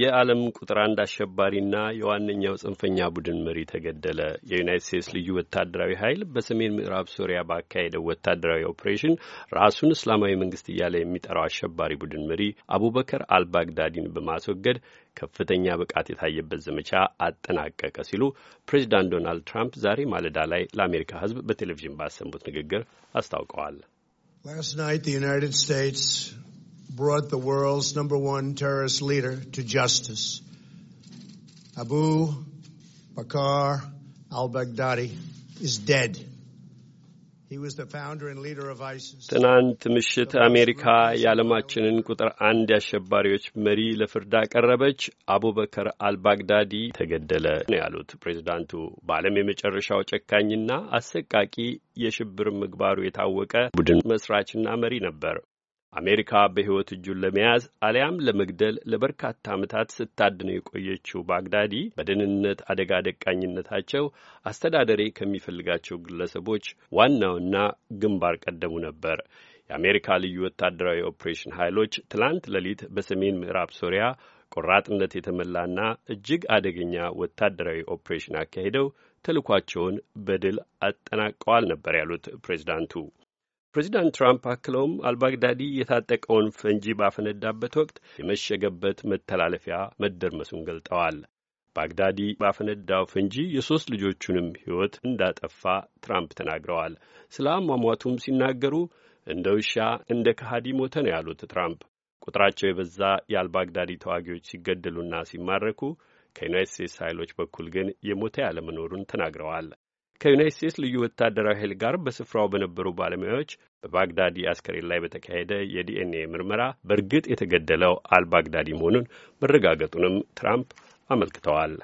የዓለም ቁጥር አንድ አሸባሪና የዋነኛው ጽንፈኛ ቡድን መሪ ተገደለ። የዩናይት ስቴትስ ልዩ ወታደራዊ ኃይል በሰሜን ምዕራብ ሶሪያ ባካሄደው ወታደራዊ ኦፕሬሽን ራሱን እስላማዊ መንግስት እያለ የሚጠራው አሸባሪ ቡድን መሪ አቡበከር አልባግዳዲን በማስወገድ ከፍተኛ ብቃት የታየበት ዘመቻ አጠናቀቀ ሲሉ ፕሬዚዳንት ዶናልድ ትራምፕ ዛሬ ማለዳ ላይ ለአሜሪካ ሕዝብ በቴሌቪዥን ባሰሙት ንግግር አስታውቀዋል። brought the world's number one terrorist leader to justice. Abu Bakr al-Baghdadi is dead. ትናንት ምሽት አሜሪካ የዓለማችንን ቁጥር አንድ አሸባሪዎች መሪ ለፍርድ አቀረበች። አቡበከር አልባግዳዲ ተገደለ ነው ያሉት ፕሬዚዳንቱ። በዓለም የመጨረሻው ጨካኝና አሰቃቂ የሽብር ምግባሩ የታወቀ ቡድን መስራችና መሪ ነበር። አሜሪካ በሕይወት እጁን ለመያዝ አሊያም ለመግደል ለበርካታ ዓመታት ስታድነው የቆየችው ባግዳዲ በደህንነት አደጋ ደቃኝነታቸው አስተዳደሪ ከሚፈልጋቸው ግለሰቦች ዋናውና ግንባር ቀደሙ ነበር። የአሜሪካ ልዩ ወታደራዊ ኦፕሬሽን ኃይሎች ትላንት ሌሊት በሰሜን ምዕራብ ሶሪያ ቆራጥነት የተመላና እጅግ አደገኛ ወታደራዊ ኦፕሬሽን አካሂደው ተልኳቸውን በድል አጠናቀዋል ነበር ያሉት ፕሬዚዳንቱ። ፕሬዚዳንት ትራምፕ አክለውም አልባግዳዲ የታጠቀውን ፈንጂ ባፈነዳበት ወቅት የመሸገበት መተላለፊያ መደርመሱን ገልጠዋል። ባግዳዲ ባፈነዳው ፈንጂ የሦስት ልጆቹንም ሕይወት እንዳጠፋ ትራምፕ ተናግረዋል። ስለ አሟሟቱም ሲናገሩ እንደ ውሻ እንደ ከሃዲ ሞተ ነው ያሉት ትራምፕ ቁጥራቸው የበዛ የአልባግዳዲ ተዋጊዎች ሲገደሉና ሲማረኩ ከዩናይት ስቴትስ ኃይሎች በኩል ግን የሞተ ያለመኖሩን ተናግረዋል። ከዩናይት ስቴትስ ልዩ ወታደራዊ ኃይል ጋር በስፍራው በነበሩ ባለሙያዎች በባግዳዲ አስከሬን ላይ በተካሄደ የዲኤንኤ ምርመራ በእርግጥ የተገደለው አልባግዳዲ መሆኑን መረጋገጡንም ትራምፕ አመልክተዋል።